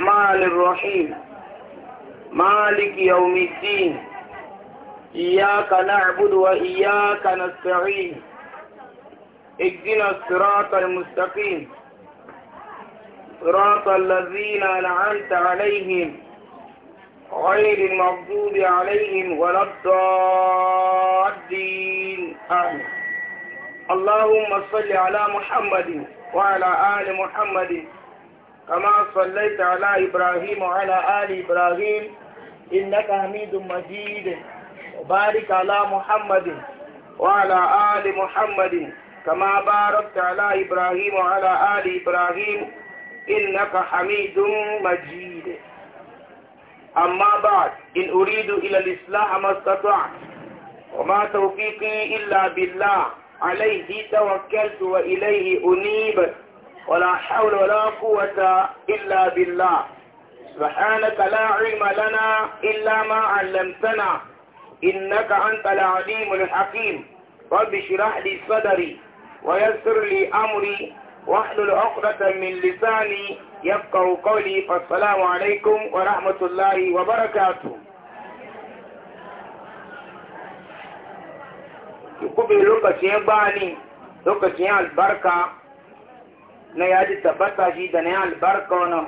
الرحمن الرحيم مالك يوم الدين إياك نعبد وإياك نستعين اجدنا الصراط المستقيم صراط الذين أنعمت عليهم غير المغضوب عليهم ولا الضالين آمين اللهم صل على محمد وعلى آل محمد كما صليت على إبراهيم وعلى آل إبراهيم إنك حميد مجيد وبارك على محمد وعلى آل محمد كما باركت على إبراهيم وعلى آل إبراهيم إنك حميد مجيد أما بعد إن أريد إلى الإصلاح ما استطعت وما توفيقي إلا بالله عليه توكلت وإليه أنيبت ولا حول ولا قوة إلا بالله سبحانك لا علم لنا إلا ما علمتنا إنك أنت العليم الحكيم رب اشرح لي صدري ويسر لي أمري واحلل عقدة من لساني يفقه قولي فالسلام عليكم ورحمة الله وبركاته يقبل لك شيء باني لك شيء البركة na ya ji tabbata shi da na albarka wani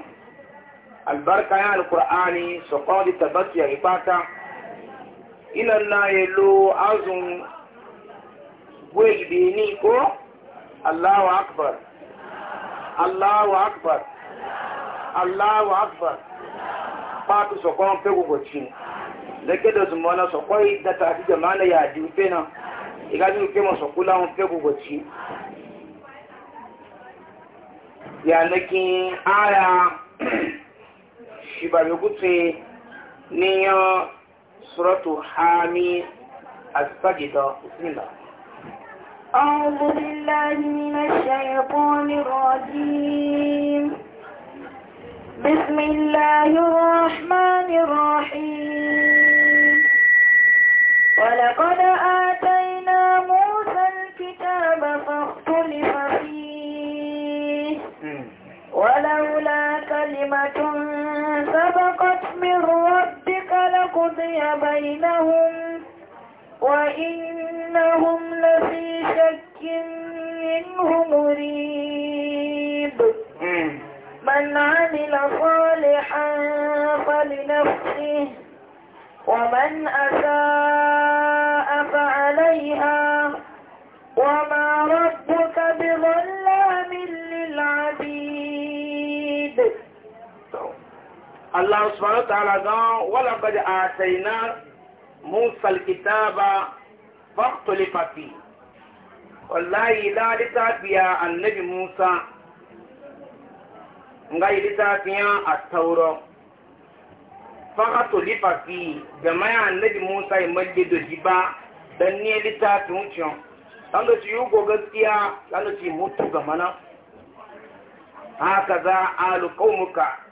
albarka ya alkur'ani su kawo da tabbata ya ifata ilan na ya lo azun gwai beni ko allahu akbar allahu akbar allahu akbar fatu su kawo fegugoci da ke da zuma su kawai da tafi jama'a na yadi ufe na igajin uke masu kula fegugoci yanakin aya shibabe gutse niyan suratu hami asfagida bismillah أعوذ بالله من الشيطان الرجيم بسم الله الرحمن الرحيم ولقد آتينا موسى الكتاب فاختلف ولولا كلمة سبقت من ربك لقضي بينهم وإنهم لفي شك منه مريب من عمل صالحا فلنفسه ومن أساء فعليها وما رأى Allah subhanahu wa ta'ala gan wala qad atayna Musa al-kitaba fakhtulifa fi wallahi la litafiya annabi Musa ngai litafiya at-taura fakhtulifa fi gama ya annabi Musa ya majje do jiba dan ne litafin cin dan da ciyu go gaskiya dan da ci mutu gama haka za alu qaumuka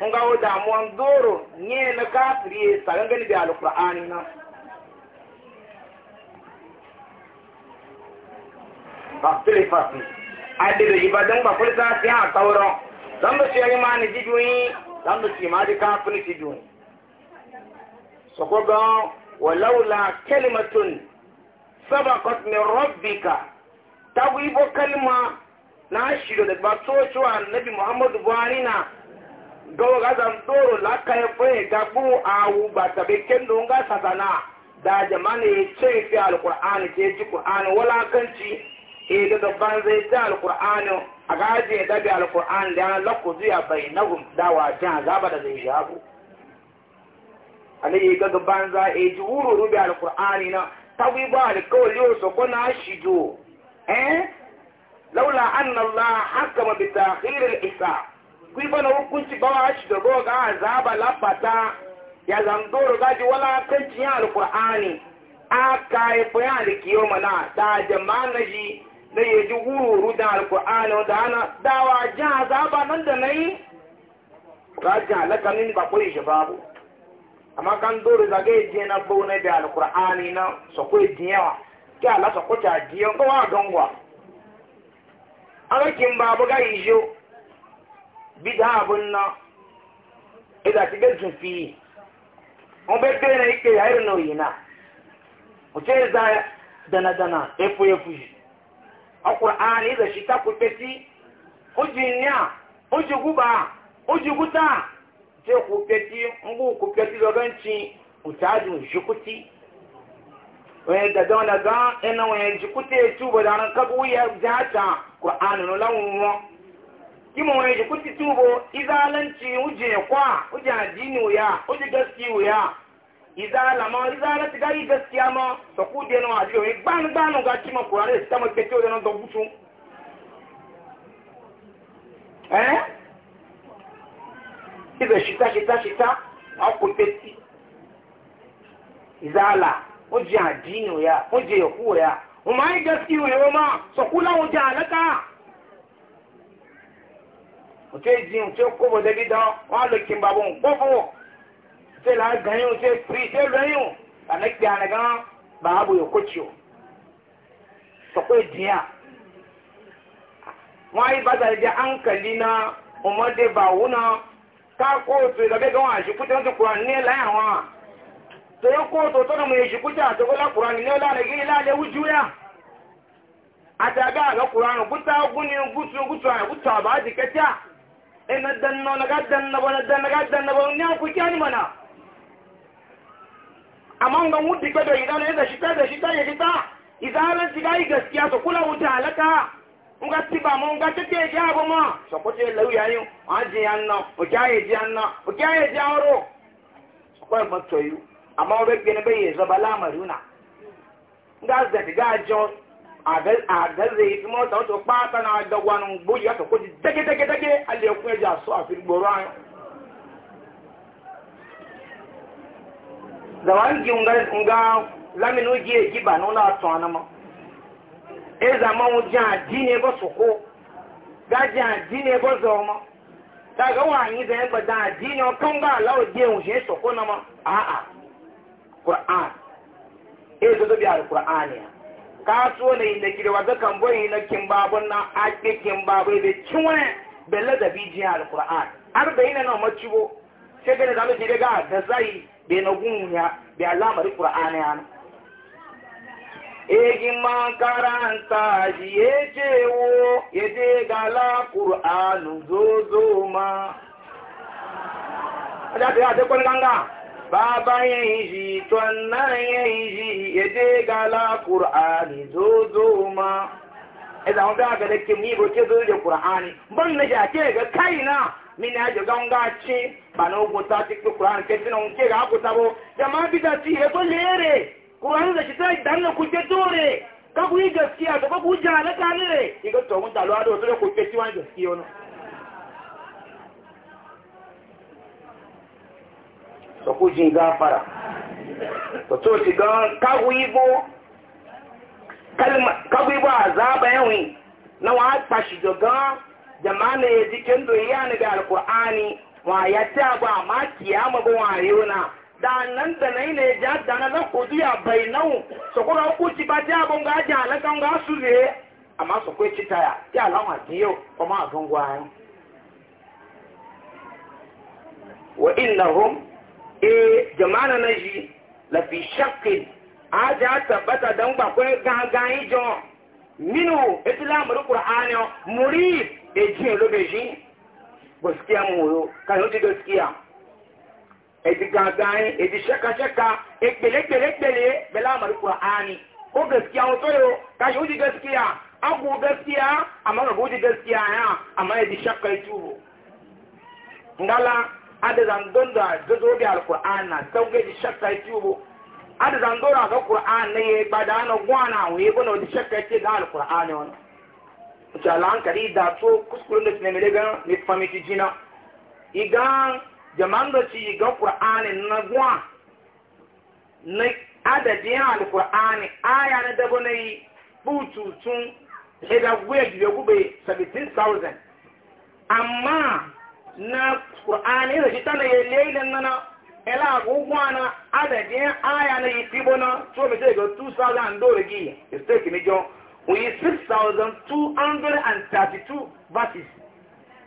nga wo damuwan doro nye na kafiri ya tsarin gani da alkur'ani na fasili fasi adiri ibadan ba kulta sai a tauron don da shi ma ni jijiyoyi don da shi ma di kafiri jijiyoyi so ko ga walaula kalimatun sabaqat min rabbika tawibo kalma na shi da ba to cewa annabi muhammadu buhari na gawo ga zan doro la kai ye ga bu ba ta be ken ga satana da jama'an ya ce fi alqur'ani ke ji qur'ani wala ci e daga ban zai ta alqur'ani a gaje da bi alqur'ani da la ku zuya bainahum da wa jan gaba da zai shafu alayhi ga ban za e ji wuro rubi alqur'ani na tawi ba yi so ko na shi eh laula anna allah hakama bi ta'khir al kuiba na hukunci ba wa shi gaba ga azaba la fata ya zandoro gaji wala kanci ya alqur'ani aka yi bayani kiyo na da jama'a ji da ya ji wuru da alqur'ani da ana dawa ja azaba nan da nayi raja halaka min ba kuri shi babu amma kan doro zage je na bauna da alqur'ani na sokoi diyawa ke ala sokota diyo ko wa gongwa aka kin babu ga ijo bida bụ na ida ti gajin fi on na ike ya na o ce za dana dana efu efu shi ta a uji nya uji guba uji guta ce kupeti ngu kupeti doganci utajin shukuti ya kima wani ji kuti tubo izalanci uje kwa uje ajini uya uje gaski uya izala ma izala ti gari ma so ku de no ajo gban gban ga kima kurare sta mo kete o no do butu eh ibe shita shita shita ku peti izala uje ajini uya uje gaski uya ma so kula uje alaka òtún jí òtún kóbò débi dán wọn á lò kí n bá bò ń kó fún wọn òtún là ń gan yín òtún pírí òtún lọ yín àná kí àná gan bàá bò yóò kó tì ó sọkó ìdín à wọn á yí bàtà ìdí àǹkàlí náà ọmọdé bàwú náà ká kóòtù ìdàbẹ́ gan wọn àṣìkú tí wọ́n ti kúrò ní ẹ̀láyà wọn à tòyó kóòtù tọ́nu mu èṣìkú tí àtọ́kọ́lá kúrò ní ẹ̀láyà gíní láàlẹ́ wújú yá àtàgà àlọ́kùrọ̀ àrùn gúta ogún ní kẹtíà ina danno na gaddan na bona danna gaddan na bona ku kyani mana ga da idan da shi ta da shi ta ya kita izalan shiga yi gaskiya to kula wuta alaka in ga tiba mu ga take ya ba ma so ko ce lau yayin aje yanna o kyaye ji yanna o kyaye aro ko ba to yi amma o be be ga zati ga jon àgẹ́zẹ̀ ìtumọ̀ ọ̀tọ̀ tó pàtà náà àdọ́gbànú gbóyè ọ̀tọ̀ kó ti dẹ́gẹ́dẹ́gẹ́dẹ́gẹ́ alẹ́ ẹkún ẹjà sọ àfihàn ayọ́ zawangi nga laminu ji èjì bà ní ní ẹgbọ́ sọ̀kó gájẹ́ mọ́ kaso na yi na girewa ga kan na kin babun na ake kin babai da cinwe da ladabi jin alkur'an har da yana na macibo sai ga da mutum daga da zai be na gunya da alamar qur'ani ya na egin man karanta shi ya ce wo ya je ga la qur'anu zozo ma da da da kun ganga baba yayi tonna yayi yaje gala qur'ani zozo ma idan wanda ga dake mi bo ke zoje qur'ani ban na ja ke ga kaina min ya ga nga chi bana ogo ta ti qur'ani ke tin on ke ga ko tabo jama bi da ti e to lere qur'ani da shi sai dan na ku ke dore ka ku yi gaskiya to ka ku jala ka ne ga to mun da lo ado to ko so ku jin gafara to to ti gan kagu ibo kalma kagu ibo azaba yawi na wa ta shi do gan jama'a ya kendo ya ne ga alqur'ani wa ya ta ba ma kiyama ba wa yona da nan da nai ne ja da na lan kudu ya bainau so ko ku ci ba ja bon ga ja la kan ga su ne amma so ko ci taya ya lan wa kiyo kuma a gungwa wa innahum e jama'a na shi lafi shakkin aja tabbata don bakwai gangan ijo minu eti lamarin ƙur'ani murid e ji lobe shi gaskiya moro kayan ti gaskiya eti eh, gangan eti shakka-shakka e gbele-gbele-gbele belamarin ƙur'ani ko gaskiya wato yau kayan ti gaskiya agwo gaskiya amma ga gudu gaskiya ya amma eti shakka ya tubo ngala ada zangon da gazo bi alkur'an na sauke ji shakka ya tubo ada zangon da ga kur'an na ya ba da gwana wa ya bana wani shakka ya ce ga alkur'an ne wani mace alhankali da so kuskuren da su nemi daga ne famiti jina iga jama'an da ci ga kur'an e na gwa na adadin alkur'an e aya na dabo na yi bututun ya ga gwe gube 17,000 amma na qur'ani da jita na yelelan nana ela gugwa na adadi aya na yitibo na so me go 2000 dole gi mistake me jo we 6232 verses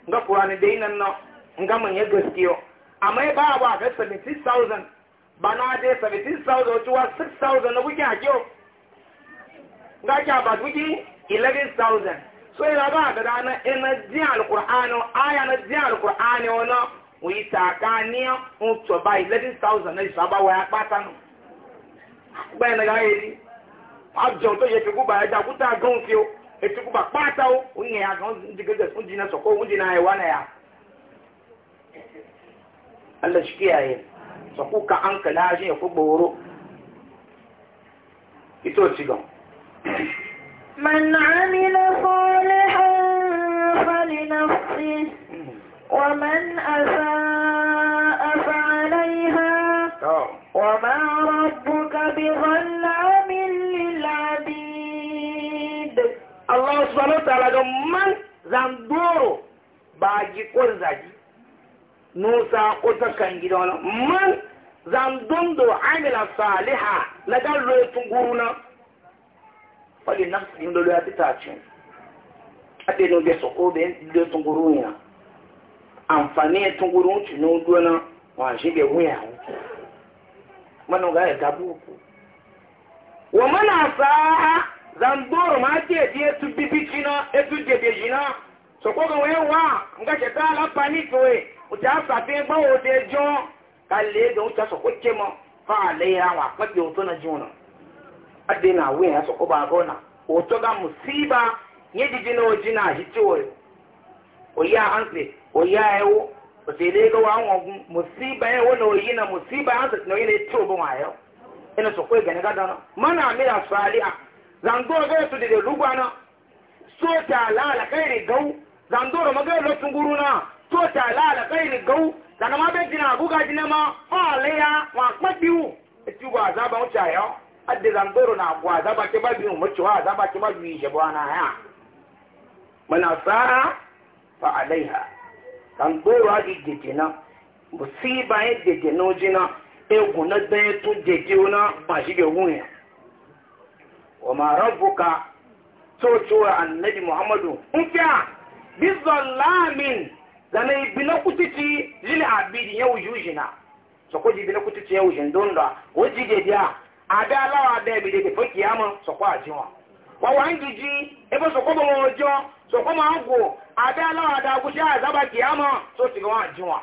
nga qur'ani de inan na nga mun ya gaskiyo amma ba ba ga 76000 bana de 17,000 to 6000 na wuki hakiyo nga ka ba wuki 11000 so ina ba da dana ina ji alqur'ano aya na ji alqur'ani ona wi ta ka ni to ba 11000 na isaba wa pata gbe na ga yi to ye ku ba ja ku ta fi o e ti ba pata o o yen ndị gan ji gege so ko e na ya Allah shi kiyaye so ku ka an kala ku من عمل صالحا فلنفسه ومن أساء فعليها وما ربك بظلام للعبيد الله سبحانه وتعالى من زندورو باجي زاجي نوسى قتكن جدونا من زندور عمل صالحا لقد رويتن قرونا wali nafsi ndo ya titacho ate no geso ko be ndo tungurunya amfani tungurunchi no duana wa shige wuya mano ga gabuku wa mana saa zamboro ma te die tu bibikina e tu de bejina so ko ga wewa nga che la paniko we uta sa fe gbo o de jo kale fa le ya wa ko ade na awe ya soko baako na woto ga musiba nye didi na oji na ahiti wori oyi a hansi oyi a ewo osele ego wa anwo musiba ewo na oyi na musiba hansi na oyi na eti obo wa ayo ina soko egene ga dano mana ame ya a zango ga to dede lugwa na so ta lala kai ri gau zandoro maga lo tunguru na so ta lala kai ri gau zanama be jina aguga jina ma fa le ya wa kpadiu eti wa azaba ucha yo adị na mgbero na abụọ adabachịba bi ụmụchịwa adabachịba bi ije bụ na ha mana saa fa alaiha ka mgbero adị jeje na bụ si ibe anyị jeje na oji na egwu na danye tụ jeje na majibe nwunye wama rabbuka cocewa annabi muhammadu nke a bizon lamin zane ibi na kutici jini abidi yau yujina so ko jibi na kutici yau jindon da wajigebiya Ade aláwọ̀ abẹ́ ìbìdèdè fún kìámọ́ soko àjíwọ̀n wọ́n wá ń ebe ebó sọ̀kọ́ bọ̀ wọn ọjọ́ sọ̀kọ́ máa ń gò abẹ́ aláwọ̀ adagúnṣẹ́ àzábà kìámọ́ tó ti wọn àjíwọ̀n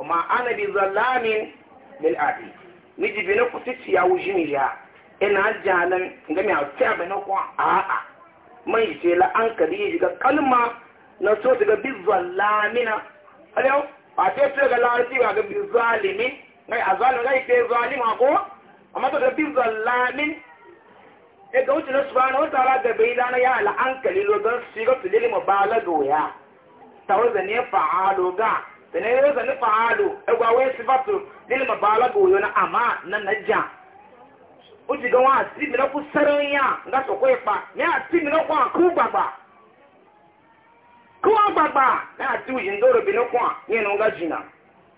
ọmọ anabi zalami lil abi ní jìbì ní kùtì tì yà wùjì mi yà ina na so bi na ọlẹ́wọ̀ àti ẹ̀fẹ́ ga ga bi zalimi ngai ngai amma daga bin zalamin e eh, ga wuce na subhanahu wataala ga bai dana ya ala ankali lo don siga filili mu balago ya tawza ne fa'alu ga tene yo zani fa'alu e gwa we sifatu lili mu balago yo na ama na naja uji ga wa si mi na ku sarin ya nga so kwe pa ne a ti mi na kwa ku gbagba ku gbagba na a ti uji ndoro bi na kwa ni no nga jina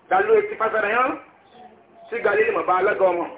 dalu e ti fasara ya ga lili mu balago mo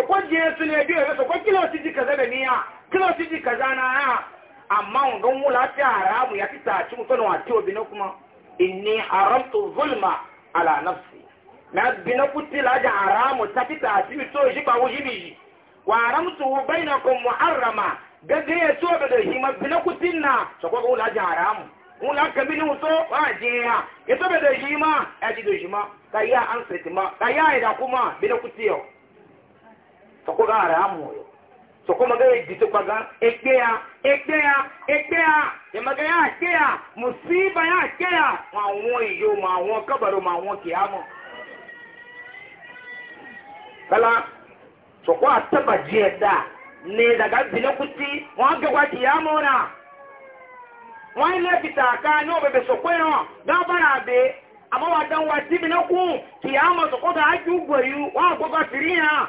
sokwa je su ne biyo ya sokwa kilo si ji kaza da niya kilo si ji kaza na ya amma don mu lafiya haramu ya fi taci mutum wa tiwo bi na kuma inni haramtu zulma ala nafsi na bi na kuti laja haramu ta fi taci bi so shi ba wuji bi shi wa haramtu bainakum muharrama gaga ya so da da hima bi na kutin na sokwa ko laja wa je ya ya so da hima ya ji da hima kayya an setima sọkọ ga ara amụrụ sọkọ maga ejitukwa ga ekpe ya ekpe ya ekpe ya ya ya musiba ya ya ma nwụọ iyo ma nwụọ kabaru ma nwụọ ke kala sọkọ ataba ji ẹda ne daga binakuti wọn gagwa na wọn ilé aka ní sọkọ yẹn dánwó àti sọkọ ga wọn fìrí yẹn.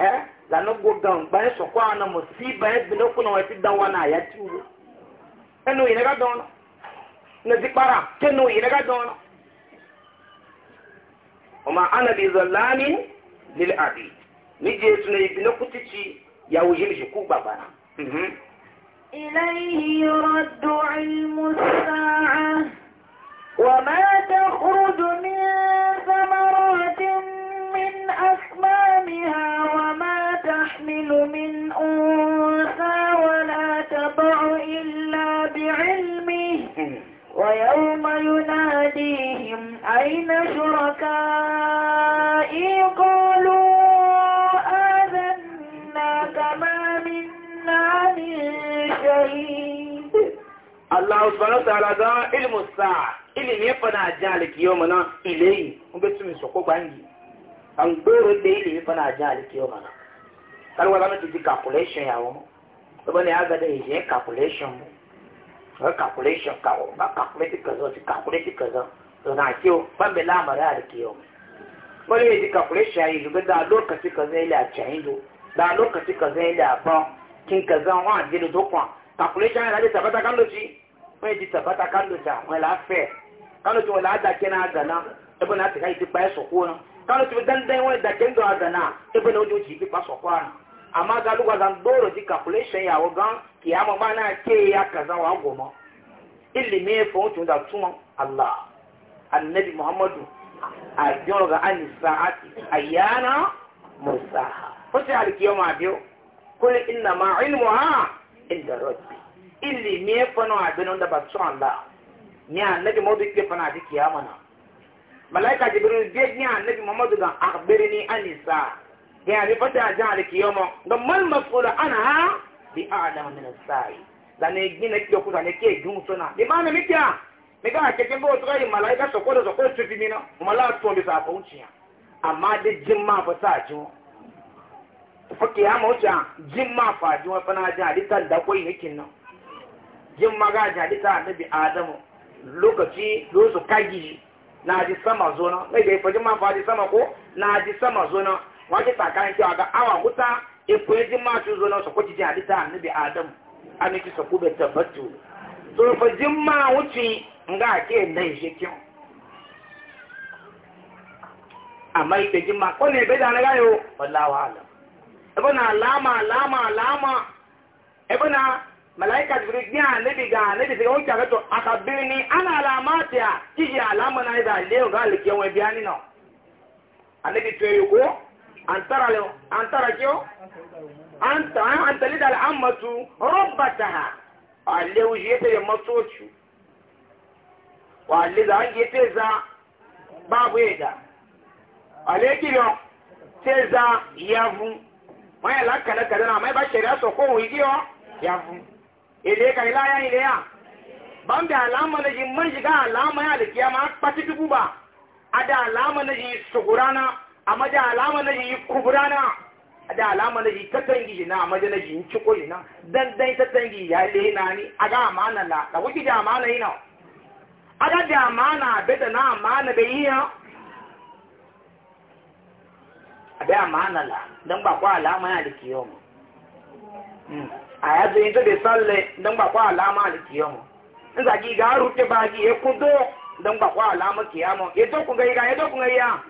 eh lanu gogan ban so kwa na musiba e bi loku na wati dawa na ya tu enu ina ga don na zipara tenu ina ga don oma ana bi zallamin lil abi ni je tu ne bi loku tici ya wujin shi ku baba na mhm. إليه يرد علم الساعة وما تخرج من من أنثى ولا تضع إلا بعلمه ويوم يناديهم أين شركائي قالوا آذنا ما منا من شهيد الله سبحانه وتعالى ذا علم الساعة ilimi ya fana jalik yau mana ilayi kun bai tumi soko bangi an goro da ilimi fana jalik yau mana kálíwá bá mẹ́tò calculation yà wọ́n lọ́bọ̀ ni de èyí calculation wọ́n calculation kàwọ́ bá calculate kẹsàn ti calculate kẹsàn lọ́nà àti o fáńbẹ̀ láàmàrà àdìkì yọ. wọ́n lè di calculation yìí lùgbẹ́ dáa lókàtí kẹsàn ilé àjẹyìn lò dáa lókàtí kẹsàn ilé àbọ̀n kí n kẹsàn wọn àdínú tó kàn calculation yìí láti tàbátà kálò sí wọ́n di tàbátà kálò sí àwọn ẹ̀là fẹ́ kálò tí wọ́n lè dàkẹ́ náà gànà ẹ̀bọ̀n náà ti ká yìí ti pa ẹ̀ sọ̀kú náà kálò tí wọ́n na amma ga lugwa zan doro ji calculation ya wagan kiyama ma na ke ya kaza wa goma ilimi ya fahimci tun da tun Allah annabi Muhammadu a biyo ga an sa'ati ayyana musaha kusa alkiyama biyo kul inna ma ilmuha inda rabbi ilimi ya fahimci abin da ba tun Allah ni annabi Muhammadu ke fana da kiyama na malaika jibril biye ni annabi Muhammadu ga akhbirni an sa'a يعني فتا ذلك يوم ما المسؤول عنها بأعلم من السائل لأنه يجينا كيوكو لأنه كي يجون سنة لماذا متى ميكا أكيد بو تغير ملايكا سكودا سكودا تفيدنا وما لا تون بسا فوتيا أما دي جمع فساجو فكي هم وجا جمع فاجو فنا جالي تدقوي نكينا جمع جالي تدقوي آدم lokaci lo su kagiji na ji sama zona mai da ya faji ma faji sama ko na ji sama zona wọ́n ti tàkàrin tí wàgá àwọn àkúta èkó ẹjí máa tún zo náà sọ̀kọ́ jíjìn níbi adam àmì ti sọ̀kọ́ bẹ̀ tẹ̀bẹ̀tù tòròfẹ̀ jí máa ń nga àti ẹ̀dá ìṣe kíọ́ àmọ́ ìpè jí máa kọ́ni ẹ̀bẹ̀ dáná láyò ọ̀la wa àlọ́ ẹ̀bẹ̀ náà làámà làámà làámà ẹ̀bẹ̀ náà màláìka gà ni àlàmà àti à náà àlèkè wọn antara leo antara kyo anta eh? anta lida al ammatu rabbataha alewu jete ya matochu wa lida ange za babu ale ki eda te za yavu maya la kana kana na mai ba sheria so ko higiyo yavu ile ka ila ya ile ya bambe alama na ji manjiga alama ya da kiyama patitubu ba ada alama na ji sugurana amma da alama na yi kubura na da alama na yi tatangi na amma da na yi ciko na dan dai tatangi ya le na ni ga amana la da wuki da amana a ga da amana be da na amana be a aga amana la dan ba kwa alama ya da kiyo mu hmm. a ya yin to da salle dan ba kwa alama da kiyo mu in zagi ga rute ba gi e kudo dan ba kwa alama kiyamo e to kun ga ga e to kun ga ya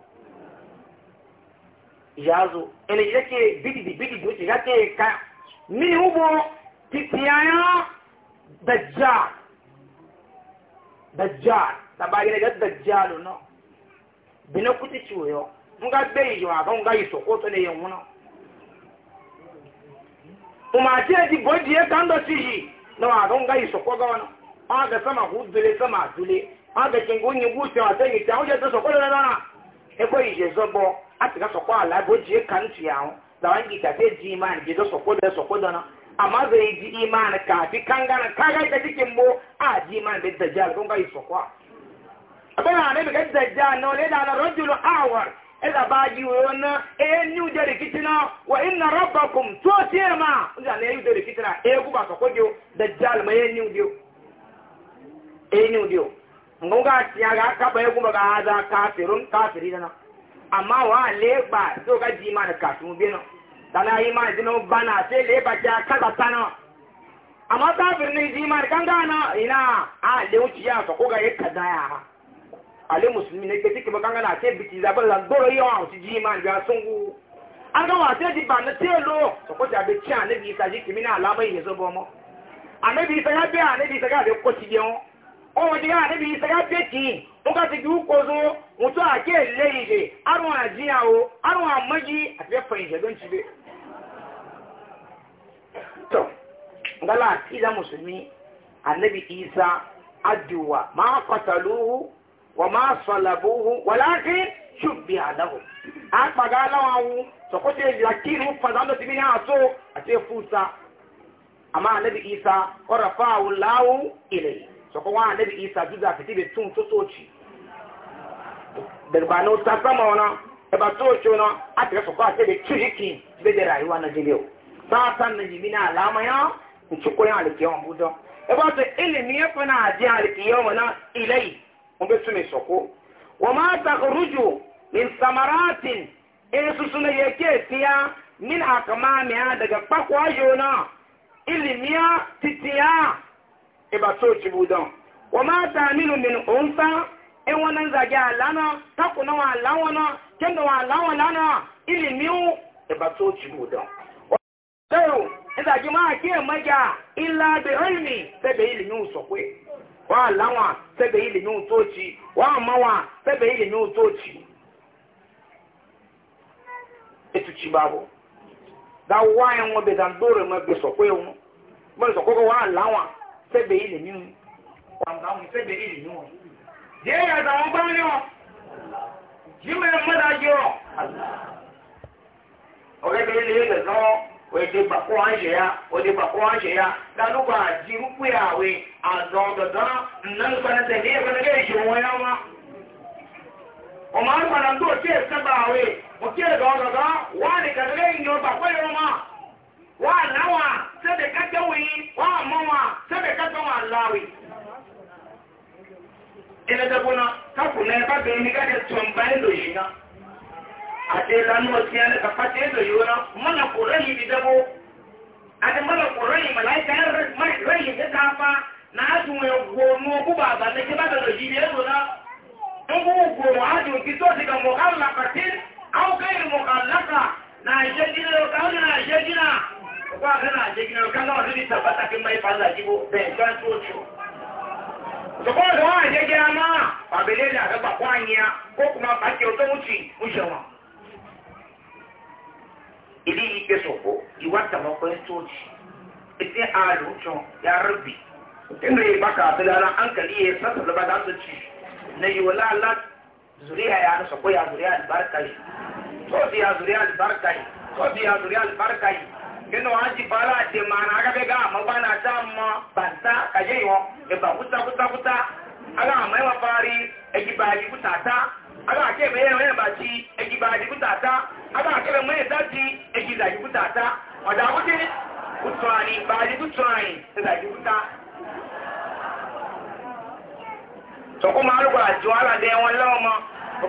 yazo ene yake bidi bididi wuce yake ka mini hubo titiyaya dajjal dajjal tabagire ga dajjal no bino kuti ciwo nga gbe yi wa ba nga yi soko to ne yen wono kuma ti di boji e kan do ti yi no wa ba nga yi soko ga wono ma sama hu sama dule ma ga kingo nyi gu ti je to soko le na e ko yi zobo ati ka sɔkɔ ala bo je kan tuya ho lawan gi tafe ji iman je do sɔkɔ dɛ sɔkɔ dɔ na amma zai ji iman ka fi kangana ka ga ta cikin bo a ji iman da dajjal kun ga yi sɔkɔ abin na ne bi ka dajjal no le da na rajulu awar ila e ba ji wo na e ni u da rikitina wa inna rabbakum tutima ila ne u da rikitina e ku ba sɔkɔ jo dajjal ma e ni u dio e ni u dio ngunga tiya ga ka ba e ku ba ga za kafirun kafirina amma wa leba so ga ji ma da kasu bino dana yi ma dino bana sai leba ja kaza tana amma ta birnin ji ma kan gana ina a le wuci ya so ko ga yaka ha. ale musulmi ne ke tiki ba kan gana sai biki zaban la doro yi wa wuci ji ma ga sungu an ga wa sai di ba na sai lo so ko ja be ci anabi isa ji kimina alamai ne zo bomo anabi isa ya be anabi isa ga be ko ci biyo ohun ti yára níbi ìsẹ́gá pẹ́kì wọ́n ká ti bí kó zo wọ́n tó àké lé ìṣe arùn àjíyà arùn àmọ́jì àti ẹ̀fọ́ ìṣẹ́ ló ń ti bẹ́. tọ́ ngálà àti ìdá mùsùlùmí ànábì ìsá àdùwà máa kọtàlúhu wà máa sọ̀làbúhu wà láti ṣùgbì àdáwò. àpàgà aláwọ̀ awu sọ̀kọ́tì ìjìlá kí ìlú ní àtó àti ẹ̀fọ́ ìsá àmọ́ ànábì sọ̀kọ́ wọn àlẹ́bí isa júdà àti tun tun tó sóòtì bẹ̀rùbà ní ọ̀tá sámọ̀ ọ̀nà ẹ̀bà sóòtì ọ̀nà àtẹ̀rẹ̀ sọ̀kọ́ àti ibi tún kì í bẹ́ẹ̀ rà ìwà nàìjíríà o sáàtà nàìjíríà ní àlàmọ́yá ntukuri àlìkì ọ̀hún bú dán ẹ̀bà tó ilimi ẹ̀fọ́ náà àjẹ́ àlìkì ọ̀hún náà ilẹ̀ yìí wọ́n bẹ tún mi sọ̀kọ́ wọ́n máa ta ní samaratin esusu na yẹ min àkàmá mi daga kpákọ̀ ayò náà ilimi titiya iba soci budan wa ma ta minu min unsa in e wannan zage alana taku na wa lawana kin da wa lawana na ilimi iba soci budan sai in zage ma ke maja illa bi ilmi sai bi ilimi so kwe wa lawa sai bi ilimi soci wa mawa sai bi ilimi soci etu ci babu da wayan wa be dan dore ma be so kwe mu mun so ko wa lawana sẹ́bẹ̀ ilimin ọ̀nàmù sẹ́bẹ̀ ilimin wọn jẹ́ yàtọ̀ àwọn bá ní òde ya òde bàkọ́ àṣẹ ya kálukọ̀ àdọ̀dọ̀dọ̀ ní ìṣòwò ya wọn ọmọ àgbàlá tó tiẹ̀ àwẹ̀ wọ́n á wa na wa sebe kake wuyi wa ma wa sebe kake wa lawi ina da buna ka kuna ba ga ni ga da tumba indo yi na a ce lanu siya ne ka fate indo yi na mana kurai bi dabo a da mana kurai malaika ya rai ya kafa na azu ya gono ku ba ba ne ke ba da loji bi indo na in ku gono azu ki to daga muhallaqatin aw ghayr muhallaqa na shajira Kwa gana ajegina kanga wazuri tabata kimba ipaza jibo benga tucho. Sokola da wa ajegina ma pabelele agaba kwanya ko kuma baki oto muchi mushawa. Ili ike soko iwata mako estochi. Ite alu cho ya rubi. Tunda yi baka atala ankali ya sasa da bada su ci. Na yi wala Allah zuriya ya soko ya zuriya albarkai. Sosi ya zuriya albarkai. Sosi ya zuriya albarkai. nínú àjìbá láti máa na arábẹ́gá àmọ́gbá náà tá mọ́ bàtà kàyé ìwọ̀n ìbà kútakútakúta ara ẹwà parí ẹjìbá àjìkútàtà ara àkẹ́bẹ̀ ẹ̀rọ ẹ̀bà ti ẹjìbá àjìkútàtà ara àkẹ́bẹ̀ ẹ̀dá ti ẹjìbá ọ̀dà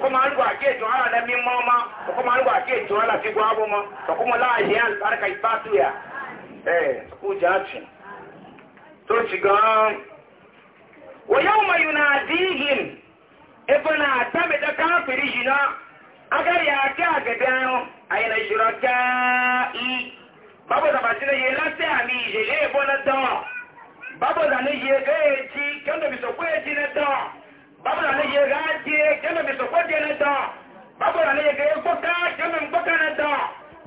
kuma an gwa ke to ala da min mama kuma an gwa ke to ala fi gwa bu ma to kuma la ji al barka ibatu ya eh ku jaci to ci ga wa yawma yunadihim ibna tabe da kafiri jina agar ya ta ga dayo ayna shuraka i babu da basina ye la ta ami je je bona dawa babu da ne ye ga ji kan da bi so ko ji na dawa babura ne ye raje kene mi sokwa dene da babura ne ye ke kota kene mi kota ne da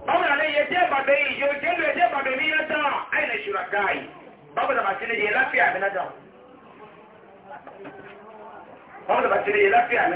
babura ne ye je babe yo kene je babe mi ne da ai ne shurakai babura ba tene ye lafiya mi ne da babura ba tene ye lafiya mi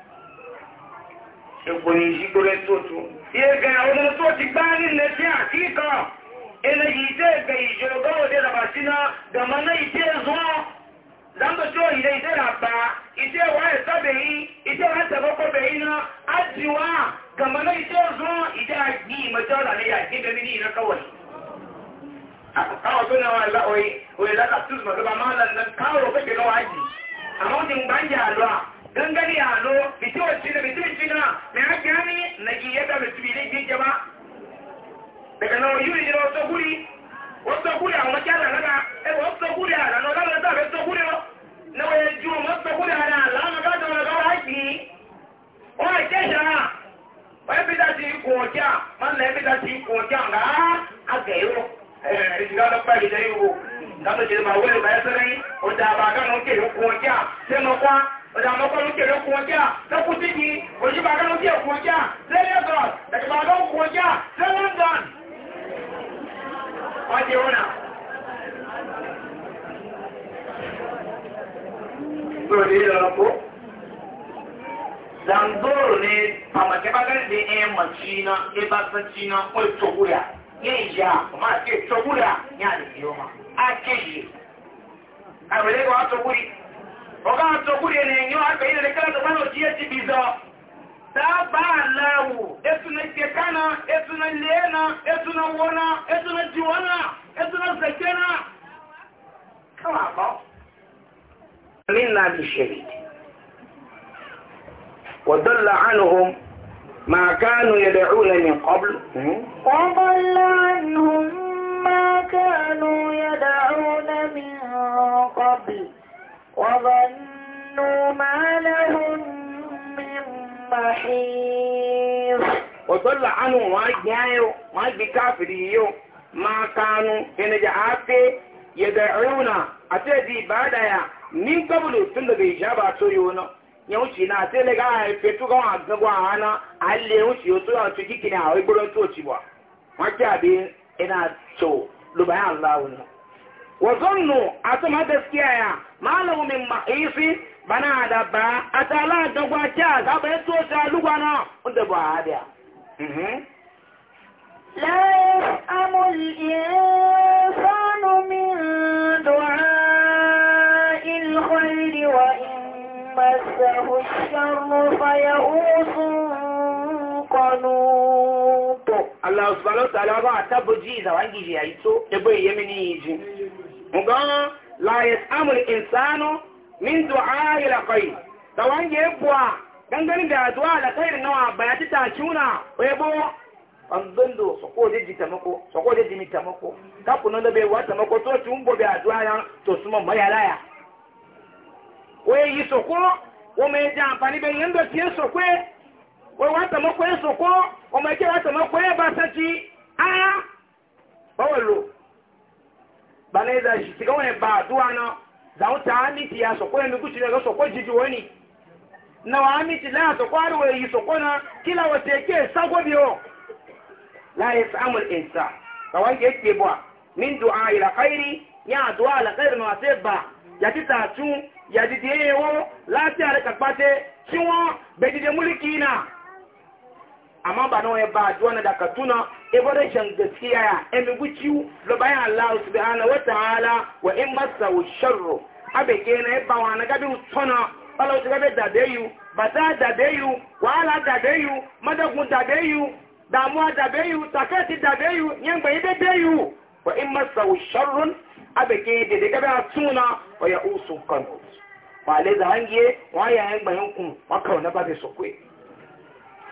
ẹgbọ̀nyí ìṣígbórẹ́ tótó ìyẹ́gẹ̀ àwọn ọmọ tó ti gbá nílẹ̀ tí àkíkọ̀ eléyìí tẹ́ ẹgbẹ̀ ìṣòro òde rọ̀bà síná dọ̀mọ́ná ìṣe ẹ̀zọ́ lámbàtó ilé ìṣe ràbà ìṣe wà ẹ̀sọ́bẹ̀ yìí ìṣe wà ẹ̀sẹ̀kọ́kọ́bẹ̀ yìí náà á ti wá dọ̀mọ́ná ìṣe ẹ̀zọ́ ìṣe àgbì ìmọ̀tẹ́ ọ̀là ní àgbì bẹ̀rẹ̀ ní ìrẹ́kọ̀wẹ̀ káwọ̀ tó náà wà òye lákàtúntù mọ̀tọ́ bá máa ń lọ káwọ̀ gangani alo bitu wacina bitu wacina me a jani na ki yata bitu bile ki jama daga na wayu ni na wasu guri wasu guri a wani kyara naga e wasu guri a ranar ranar da wasu guri na waya ju wasu guri a ranar ranar da wani gawa haki o a ke shara o ya bita ti kokiya man na ya bita ti kokiya nga a ah, gayo eh shiga na kwari da yiwu na ta ce ba wani bayan o da ba gano ke yi kokiya sai makwa ọjà mọ́kọ́ ló kéré kún ọjà lọ́kùn sí kí òṣìbàgá ló kéré kún ọjà lẹ́lẹ́gọ̀n ẹ̀kìbàgá ó kún ọjà lẹ́lẹ́gọ̀n ọdí ọ̀nà lórí lọ́kọ́ zangoro ne pàmàkẹ́bàgá ní ẹ̀mà china ẹbá sán china ó ìtòkúrà ní ìyá ọmọ àti ìtòkúrà ní àdìsí ọmọ àkéyè àwẹ̀lẹ́gbọ̀n àtòkúrì ọ̀gá àtọ̀kúrẹ̀ ènìyàn àgbẹ̀yìn rẹ̀ kẹ́lẹ̀ tó bá lọ sí ẹ̀tì bìzọ dábà aláwò ẹtùnà kẹkánà ẹtùnà lẹ́ẹ̀nà ẹtùnà wọ́nà ẹtùnà jíwọ́nà ẹtùnà zẹ̀kẹ́nà káwà bọ́ min na bi وظنوا ما لهم من محيص وضل ya, واجهايو واجه كافريو ما كانوا إن جعاتي يدعونا أتدي بعدها من قبل تندق إجابة سيونا yẹ̀wùsì náà tẹ́lẹ̀gá ẹ̀fẹ̀túgá wọn àgbẹ̀gbọ́ àánà alẹ́ yẹ̀wùsì òtún àti kíkìrì àwọn ìgbọ́dọ̀ tó ti wà wọ́n jẹ́ àbí ẹ̀nà na lóbáyà wa zannu atuma gaskiya ya malamu min ma'isi bana da mhm. ba atala da gwacha ga ba to ta lugwana unda ba nga la yas'amul insanu min du'a'i al-khayr da wange yabwa dangane da addu'a al-khayr nawa bayati ta cuna yabo an dondo soko je ji tamako soko je ji tamako ka kuno da be wa tamako to tun bo be addu'a ya to suma mayala ya we yi soko wo me ja amfani be yendo ti soko we wa tamako soko o me ke wa tamako e ba saji aya bawalo bane da shi tiga wani ba duwa na za mu ta ya soko ya mikuci daga soko jiji wani na wa amiti la soko arwa yi soko na kila wace ke sago biyo la yasamu al-insa kawai ke ke bwa min du'a ila kairi ya du'a la khairi na se ba ya ti ta tun ya didi ewo láti àrẹ kàpàtẹ tí wọ́n bẹ̀dìdẹ̀ múlìkì amma ba nawa ba duwana da katuna ibarashin gaskiya ya emi guci lo bayan Allah subhanahu wa ta'ala wa in masahu sharru abe ke na ba wa na gabi tona bala su gabe da deyu bata da deyu wala da deyu madagun da deyu damuwa da deyu takati da deyu yan bai da deyu wa in masahu sharrun abe ke da daga ba tuna wa ya usu kanu wale da hangiye wa ya yan bayan kun wa kauna ba be sokwe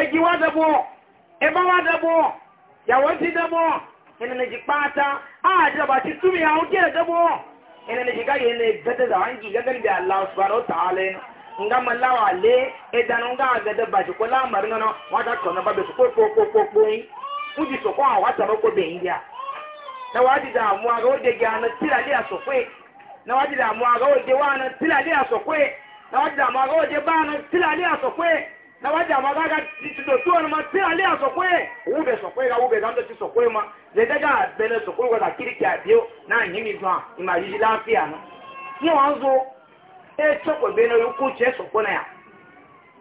eji wa dabo eba wa dabo yawo ti dabo ina ne ji pata a daba ti tumi ya oke dabo ina ne ji ga ye ne gada e da wangi ga gani da wa nga malawa le edanu nga gada ba ji ko la mari no wa ta ko na ba be ko ko ko ko ko yi uji na wa di da mu na tira dia e. na wa di da mu na tira dia e. na wa di da mu na tira dia na waja maga ga tito tu na mati ale asokwe ube sokwe ga ube ga ndo ti sokwe ma le daga bele sokwe ga kiri kya bio na nyimi zwa ima yiji lafia no ni wanzo e chokwe bene yuku che sokwe na ya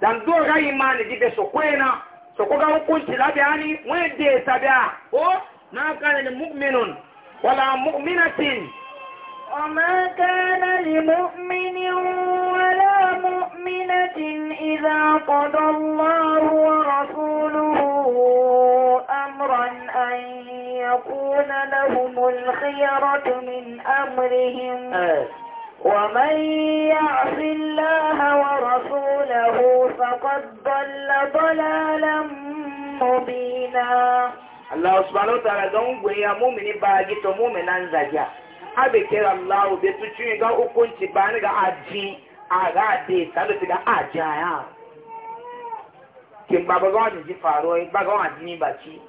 dan do ga imani di be sokwe na sokwe ga yuku ti labi ani wende tabia o na kana ni mu'minun wala mu'minatin وما كان لمؤمن إذا قضى الله ورسوله أمرا أن يكون لهم الخيرة من أمرهم آه. ومن يعص الله ورسوله فقد ضل ضلالا مبينا الله سبحانه وتعالى don gweya mumini bagi to muminan zaja abe kera Allah be tuci ga hukunci bani ga aji aga de sabe ga aja ya ke baba gawa da ji faruwa e ba gawa jini ba ci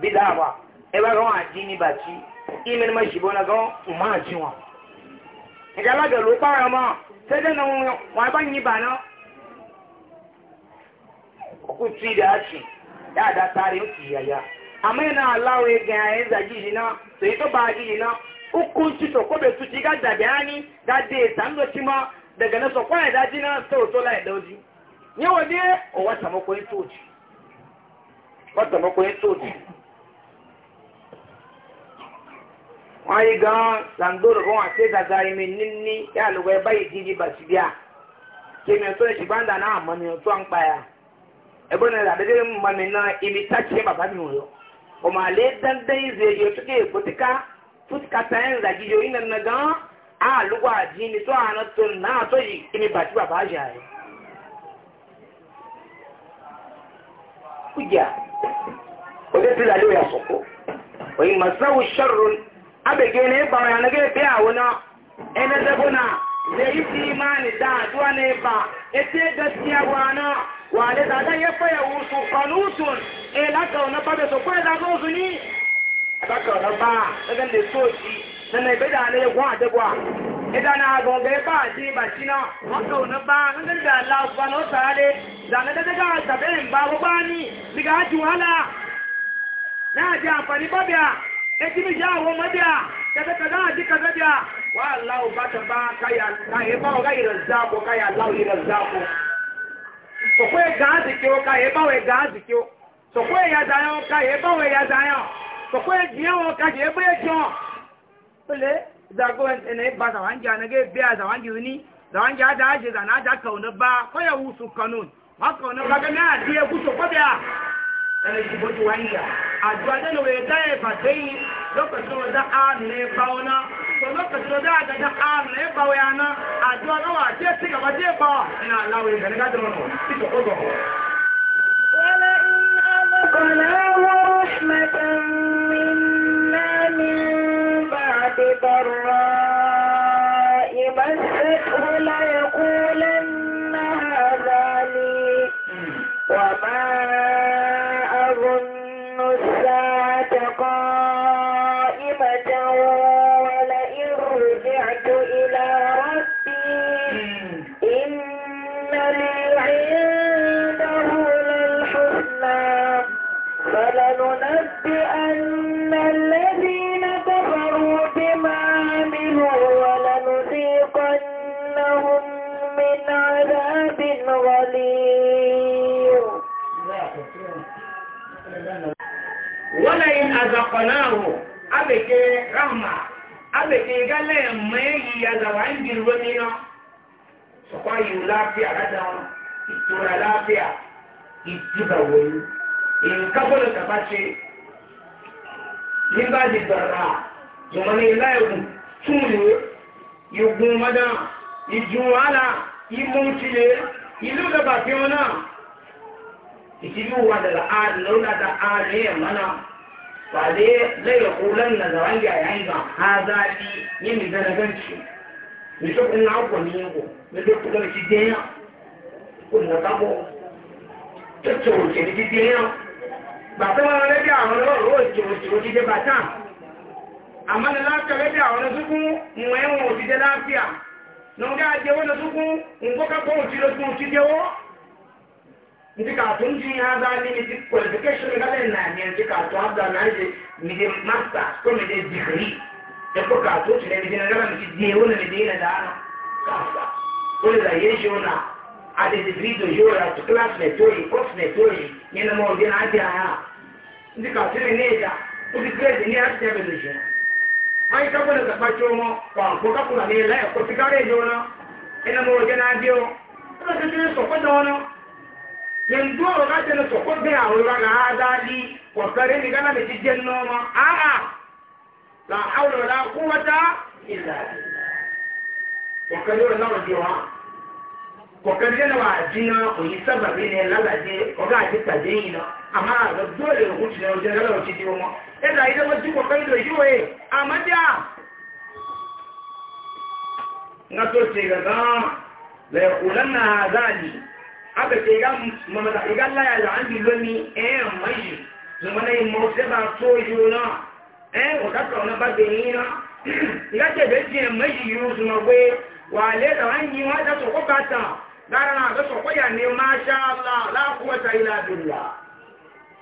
bida ba e ba gawa jini ba ci imin ma shi bona gawa umma jiwa ga la ga lo pa ma sai da nan wa ban yi ba na ku ci da ci da da tare ki yaya amma yana Allah ya ga yayin zaji na sai to ba ji na ukun ci to ko be su ci ga da bayani ga de san do ci ma daga na so kwa da ji na so to la da ji ní òde ọwọ́ tàmọ́kọ́ yín tóòjì wọ́n tàmọ́kọ́ yín tóòjì wọ́n yí gan sàǹdóró fún wọn àti dàda ẹ̀mí níní yá lọ́wọ́ ẹ báyìí dídí bàtì bíà kí ni ọ̀tọ́ ẹ̀sìn báńdà náà mọ̀ ní ọ̀tọ́ àǹpa yà ẹ̀bọ́n ní àdéhùn mọ̀ mi náà ibi táàkì ẹ̀ bàbá mi wọ̀ yọ ọmọ àlẹ́ dandan ìzè yẹ tó kẹ́ èkótíkà fútikà sáyẹn ìdàgíjọ yìí nà nà gan àlùkò àdínì tó àná hujja wajen tilale ya soko wai masau sharrun abege ne ba ya na gefe a wani ene zebuna da isi imani da aduwa ne ba ete gaskiya wana wale da da ya faya wusu e la kauna ba da soko da zo su ni ba kauna ba daga ne soji na ne bada ne ya gwa da gwa idan na gobe ba ce ba ci na wato na ba an gani da Allah subhanahu e wa ta'ala zane da daga tabayin babu bani diga haji wahala na ji amfani ba biya ya ji mi jawo ma biya kaza kaza ji kaza biya wa Allah ba ta ba kai kai e ba ga irin zako kai Allah irin zako to ko ga zike o kai e ba we ga zike o to ko ya da yo kai ba we ya da yo to ko ji yo kai ba ye jo pele zago ne ba zawangi na ga biya zawangi ni zawangi da aje da na da kauna ba ko ya wusu kanun ma kauna ba ga na dia gusto ko biya ene ji boju wangi a duwa da we da e ba sai lokacin da an ne bauna ko lokacin da ga da an ne bawaya na a duwa ga wa ce ci gaba je ba ina lawe ga ga dron ko ci ko go wala in azqalahu rahmatan بالضراء مسته عليم ولئن أذقناه أبكي رحمة أبكي قال لي ما يجي يزوعين بالومينا سقاي يلافي هذا ìtura láàbíà ìdíbàwò yìí ìkábọ̀lọ̀ tàbáṣe nígbà tí gbàrà ìwọ̀n ní ilá ẹ̀gùn ìlú lọ́ba fi wọn náà ìtìlú wa dàda ààrẹ lọ́la da ààrẹ yẹn mọ́nà wàlẹ́ lẹ́yìn kó lẹ́yìn náà zàwọn yà yà yìí bàn ha záàbí yẹn mi dáná gan tì mí tó kún náà wọ̀ ní wọ̀ mí tó kún náà ti dẹ́ kó nà ká bọ̀ tó tó o jẹ̀ ti dẹ́ bàtà wọn lẹ́bí àwọn ọlọ́rọ̀ ó jẹ̀ o jẹ̀ o ti dẹ́ bàtà àmọ́ ní láti lẹ́bí àwọn ọlọ́sùnkún mọ̀ ẹ́wọ̀n ò nọ̀gá àjẹwọ́ lọ sókún nǹkọ́kọ́ òjìlọ tó ń jíjẹwọ́ ní kàtún jí ádá ní ti qualification gálẹ̀ náà ní ti kàtún ádá náà ṣe ní ti master tó ní ti dìgírí ẹ̀kọ́ kàtún ti lẹ́ni jẹ́nà gálẹ̀ ti di ewu ní ti yẹn dáná kàfà ó lè rà yéé ṣe ó nà àti dìgírí tó yóò rà tó kílásì nẹ̀ yìí kọ́ọ̀sì nẹ̀ yìí yẹn ní náà di àyà ní kàtún ní ní ìjà ó ti gírèdì ní àti ai ka kuna zaɓa como mo ko ka kuna ne la ko ti kare jo na ina mo ga na biyo ko ti ne so ko do no yan do ro ga te so ko ga a ro ga ada di ko kare ni ga na ne jen no ma a a la hawla wala quwwata illa billah ko kare na ro jo ha ko kare na wa jina ko yi sababi ne la la je ko ga ji ta je ina amma ga dole ko ti ne o je la o ti di mo e da idan wasu kokari da shi waye a madiya na so ce ga zan la yaqulanna hazani aka ce ga mamada idan la ya la'an bi lomi eh mai zuma ne mu se ba so yuna eh o ka ka na ba de yina ya ce be ji mai yu zuma we wa le da an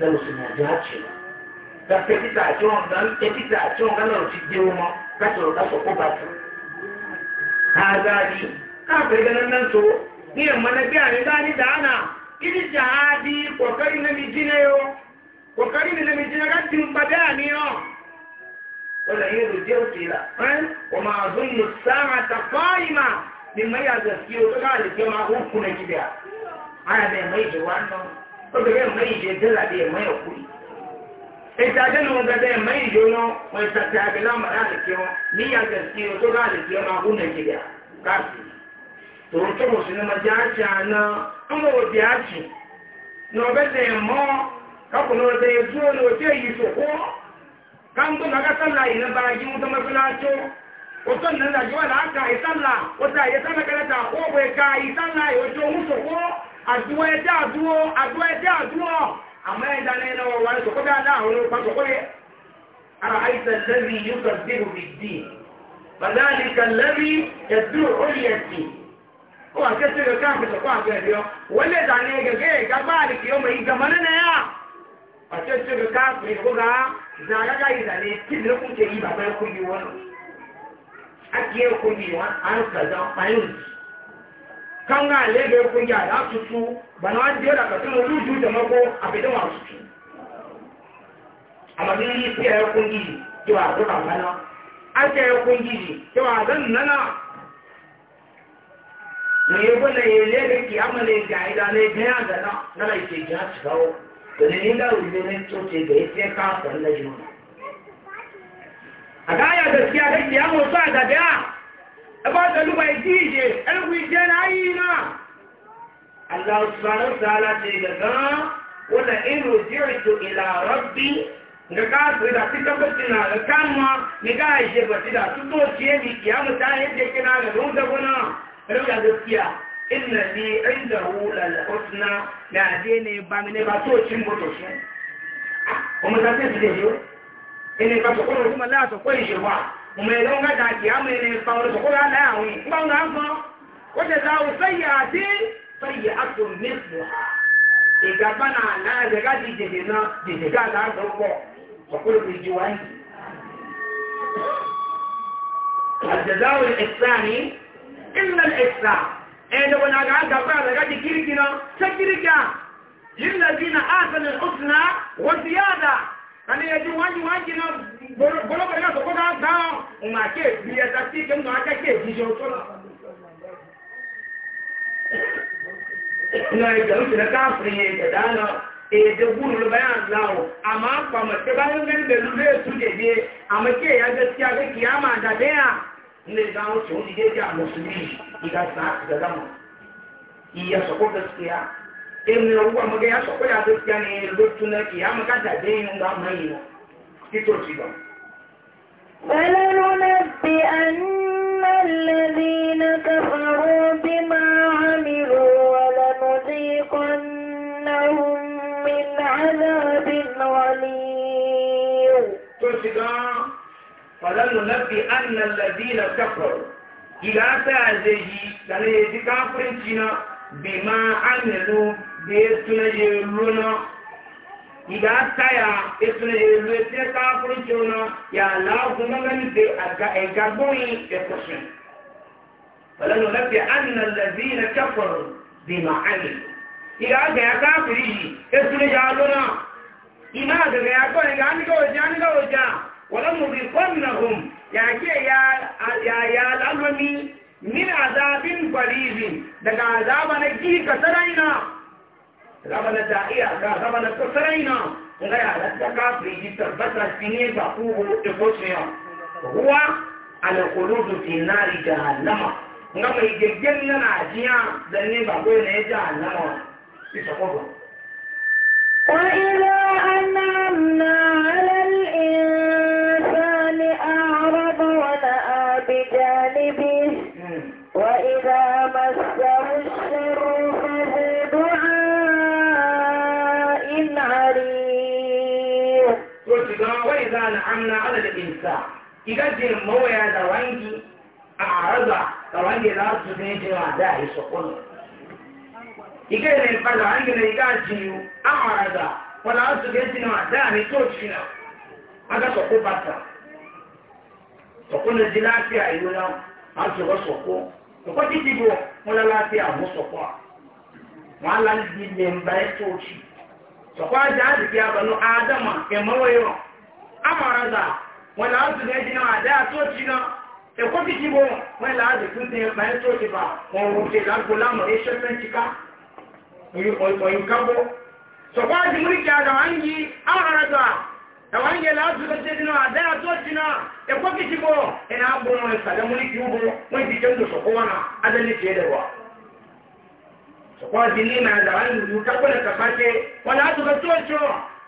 lẹ́nu sì mọ̀ ọjọ́ àti lọ. Gàtẹ́ títà àti wọn gan tẹ́ títà àti wọn gan lọ́rọ̀ ti dé wọn mọ́ láti ọ̀rọ̀ káṣọ kó bá tu. Àgbàdì káàkiri gan náà tó ní ìmọ̀lẹ́gbẹ́ àrídá ní dáná kíni jàádì kọ̀kẹ́rì ní mi jiná yó kọ̀kẹ́rì ní mi jiná ká ti ń padà ní yọ. Wọ́n lè yẹ lòdì òkè la. Wọ́n máa dún ní sáà tàfọ́ ìmà ní mẹ́yà gàfíò tó káà lè jẹ́ máa obìnrin ẹ̀mọ́ ìjẹ dẹ́là bí ẹ̀mọ́ ẹ̀kú yìí. ètò àdéhùn wọn gẹ́gẹ́ ẹ̀mọ́ ìjọ náà wọn ìtàtà àgbẹ̀lá màrá àlèkè wọn níyà gẹ̀ẹ́sì tó bá àlèkè wọn máa hú nàìjíríà káàkiri. tòun tó mọ̀ sí ni mo jẹ́ àṣà náà ń wò ní ọbẹ̀ tẹ̀ mọ́ kákùnrin ọ̀tẹ̀ dúró ní òtí àdúró ya àdúró àdúró ẹjẹ́ àdúró àmọ́ ẹ̀dá lẹ́yìn náà wà lọ́sọ̀kọ́ bí aláàrùn ló ara àìsàn lẹ́bi yóò sọ sí ìrù bìbí bàdáàlì kan lẹ́bi ẹ̀dúró òlì ẹ̀sìn ó wà kẹ́sì rẹ̀ káàkiri sọ̀kọ́ ọ wọ́n lè dà ní gẹ́gẹ́ ìgbàgbáàlì kì í ọmọ ìgbàmọ́ nínú ẹ̀yà ọ̀tẹ́sì kanga alebe kunja da tutu bana wanje da ka tuma lutu da mako abida wa tutu amma ni ni sai ya kunji to a duka bana ake ya kunji to a dan nana ne yebo na yele da ki amma ne ga ida ne ga da na na la ke ja tsawo to ne inda ruwe ne to ga yake ka san da juna a ga ya gaskiya da ki amma so a ga ẹgbẹ́ ọ̀tọ̀lúwà ìdí ìdè ẹlùkù ìjẹ́ láyé náà aláwọ̀sánúsánà ti gẹ̀gán ó lẹ inú jíòjò ìlàrọ̀ bí gẹ̀gá àgbèrè àti tọ́kọ̀tì náà gẹ̀gá mọ́ nígbà ìṣẹ̀bọ̀tìdà túbọ̀ kí ẹni ìyàmùtá ẹ̀jẹ̀ kí náà gẹ̀gán dẹ́gbọ́n náà ẹlùkà lókìá inna ni inda wula lọ́tùnà ní àdé ní ìbámi ní ìbá tó ṣí mọ́tò fún ọmọdé àti ìdílé yìí ẹni ìbá mgbe lọ nga da ki ama ne fa ọrụ ko la na ahụ ba nga ngo ko de za u sayyati sayyatu mithluha e ga bana na de ga di de na ani yɛ di wanyi wanyi na bolo bolo bɛ na sɔgɔ ka gan o ma kɛ bi ɛta ti kɛ mu aka kɛ bi jɔ so la. na ìjọ ń tẹ̀lé káfíń yẹn ìjọba náà èdè gbúrú ló bá yà ń la o àmọ́ àpamọ́ tẹ́ bá ń gbé pẹ̀lú bẹ́ẹ̀ tún lè dé àmọ́ kí èyí ajẹ́ sí abẹ́ kì í á máa dàbẹ́ yà ní ìgbà wọn tó ń di dé di àlọ́ sí emi owó ọmọge yà sọ̀kọ́ yà tó ti yà ní ló tún náà kì í àmọ́ ká dàdé yín ń bá ọmọ yìí lọ títò sí lọ. فلننبئن الذين كفروا بما عملوا ولنذيقنهم من عذاب غليظ. فلننبئن الذين كفروا إلى تعزه لأن يجي كافرين بما عملوا da ya suna yelo na iga ta ya ya suna yelo ya ce ta furce na ya lafi magani da a gagboni ya kusur falon lafi an na lazi na kafar bi ma'ani iga ga ya kafiri ya suna yalo na ina ga ya kawai ga an ga waje an ga waje wadon mu bi kwannahun ya ke ya lalwami min azabin kwarizin daga azaba na gini kasaraina غمنا داعية غمنا كسرينا غير على التكافي يتربط السنين بطوه تفوتنا هو الخلود في نار جهنم غم يجيجن لنا عجيا ذنين بطوه جهنم يتقوبه وإذا أنعمنا على الإنسان أعرض ونأى بجانبه وإذا مسه الشر ga wai za na amna ala da insa iga je mawaya da wangi a araza da wangi za su ne je ma da yi sokon iga ne fa da wangi ne iga ji a araza wala su ne je ma a ni to ci na aga sokon bata sokon ji lafiya yi ga lafiya ala amaraza wọn là á dùn ní ẹjìnà àdá àtọ́jì náà ẹ̀kọ́ fìdí bò wọn là á dùn fún tẹ̀yẹ̀ báyìí tó ti bà wọn wò ṣe lágbo lámọ̀ ẹṣẹ́ mẹ́tíkà ọ̀yìn kábọ̀ sọ̀kọ́ àti múlíkì àdàwọ̀ ń yí amaraza ẹ̀wọ̀ ń yẹ là á dùn ní ẹjìnà àdá àtọ́jì náà ẹ̀kọ́ fìdí bò ẹ̀nà àbò wọn ìsàlẹ̀ múlíkì wúbo wọn ti jẹ́ ńlọ sọ̀kọ́ wọn náà sọ̀kọ́ àti ní ìmọ̀ àdàwọ̀ ń yí kábọ̀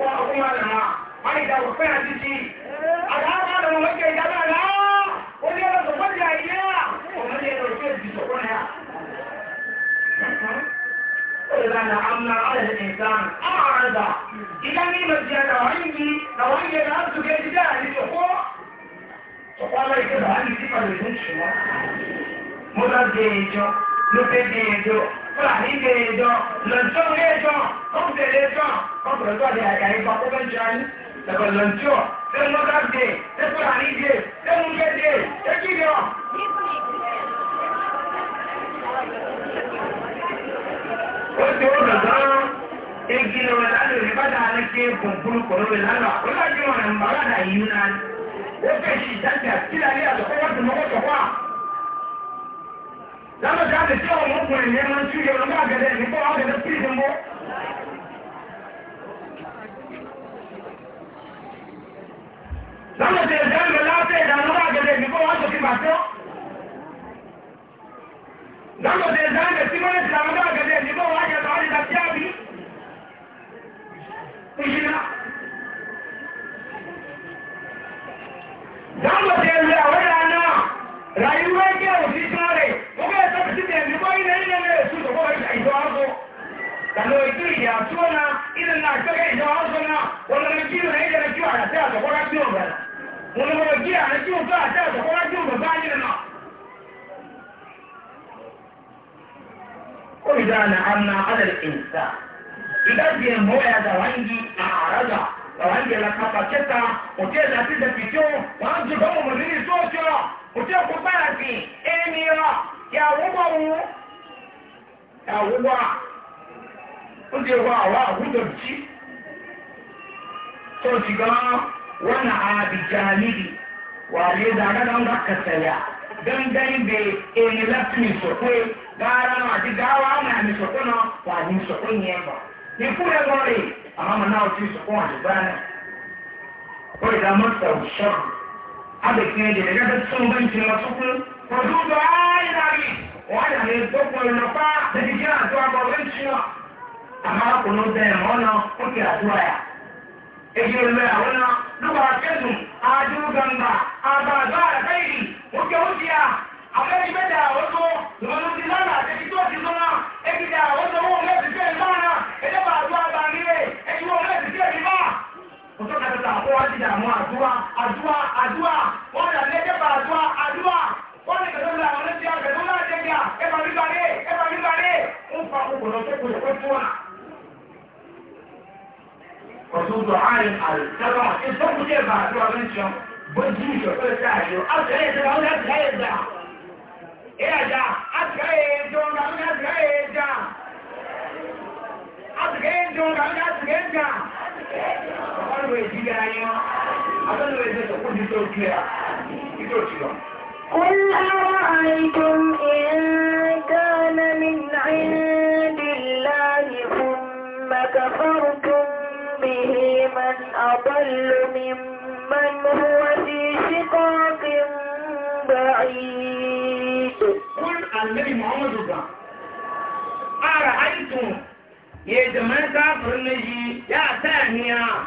وعظيمنا ماذا وفينا تجي الآن هذا موجه جمالنا وليه نتفجع إياه ومليه نتفجع بسكونها إذا نعمنا على الإنسان أعرض إذا نيمة زيادة وعندي لو عندي نفسك يتجاه لسكوه فقال لك هذه ثقة للنشوة مرة جيجو lókèjì ẹjọ fúlàní ìgbè ẹjọ lọ́jọ́ orí ẹjọ kọ́mpútẹ̀lì ẹjọ kọ́mpútẹ̀lì ọ̀dẹ̀ àyàrí pàkóbẹ́ntìrání lọ́jọ́ lọ́jọ́ tẹ́lọ́dà dé tẹ́fúlàní dé tẹ́lúgẹ́ dé tẹ́kìlẹ̀ ọ̀. ó ti ó lọ́jọ́ egi lọ́wọ́ lálẹ́ òní bá dáa ní kí kùnkùn kòró wẹ̀ lálọ́ àkọ́lájú ọ̀rẹ́ mbàlá lọ́nà tí a tí ọmọ ọkùnrin yẹn máa ń tú yẹ àgẹ̀dẹ̀ nípa ọ̀gẹ̀dẹ̀ píìsì ń bọ́. lọ́nà tí ẹ̀jẹ̀ ń lọ láti ẹ̀dá lọ́nà àgẹ̀dẹ̀ nípa wọ́n tó fi bà tó. lọ́nà tí ẹ̀jẹ̀ ń lọ sí mọ́lẹ̀ tí àgẹ̀dẹ̀ nípa wọ́n àjẹ́ lọ́wọ́ nípa tí àwọn ìlànà rayuwa ke òfin sáré ó bẹ́ẹ̀ sọ́kì sí ẹ̀mí bọ́ ilẹ̀ ilẹ̀ ilẹ̀ èṣù tó kọ́ ìjọ ọ̀sọ́ tàbí ìtú ìyà tó na ilẹ̀ sí àtọ̀kọ́rá ó ìdá na jù bọ́ mọ̀ nínú ìtó ọ̀kẹ́ mutum ku fara fi emira ya wuwa wu ya wuwa oge wa wa hudurci to shiga wani abijalibi wa ne zaga don baka saya gangan da eni lati mi sokwe gara na ati gawa na mi sokwe na wa ni sokwe ni ba ni kure gore amma mana oti sokwe wa ni bana ko da masa shar ada kene de daga tun ban ci ma suku ko du do ai da bi wala ne to ko na pa da ji ya to ba ban ci na amma ko no ya e ji le a wala du gamba a ba za da ya amma ni ba da wato no no di lana da ki to kutoka sasa hapo hadi damu adua adua adua wala lege ba adua adua wala kadona wala tia kadona jenga e ba bibare e ba bibare ufa uko na toko ya kwetua Kọ̀túndọ̀ àárín àìsẹ́gbà ìsọ́kùnjẹ́ ìbà àti ọ̀rẹ́nṣọ́ bójú ìṣọ̀fẹ́ sáàṣọ. A ti ráyè ìjọba ó láti ráyè ìjà. Ìyàjà, a ti ráyè ìjọba ó láti ráyè ìjà. قل أرأيتم إن كان من عند الله ثم كفرتم به من أضل ممن هو في شقاق بعيد قل النبي محمد أرأيتم ya jama'in kafirin na shi ya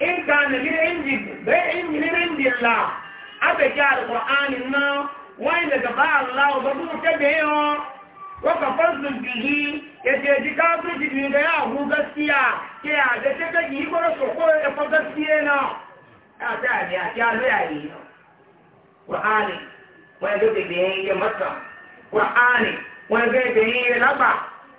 in ka na gina injinin indiyalla aka ki alƙur'anin nan wani daga ba Allah ta beyo waka fasul bihi ya ce ji kafin ji ya hu gaskiya ke a da ta kaji yi gwara su ya fa na ya ya yi wani mata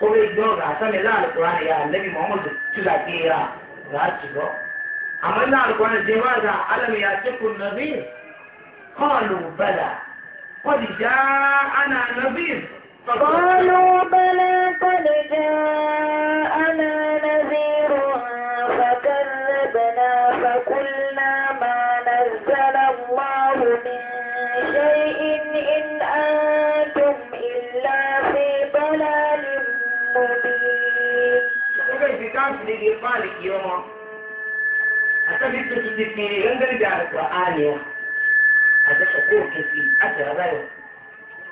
kome don rasa ne za a ya annabi muhammad su zaƙi ya za ci ba amma ina alkurani je ba za alam ya ce kun nazir qalu bala qad ja'ana nazir qalu bala qad ja'ana fún àlìkí a àtàbí tuntun ti fi rẹ́ńdẹ́rì bí a àlìyà àdẹ́sọ̀kọ́ òkè sí àtẹ̀ráyọ̀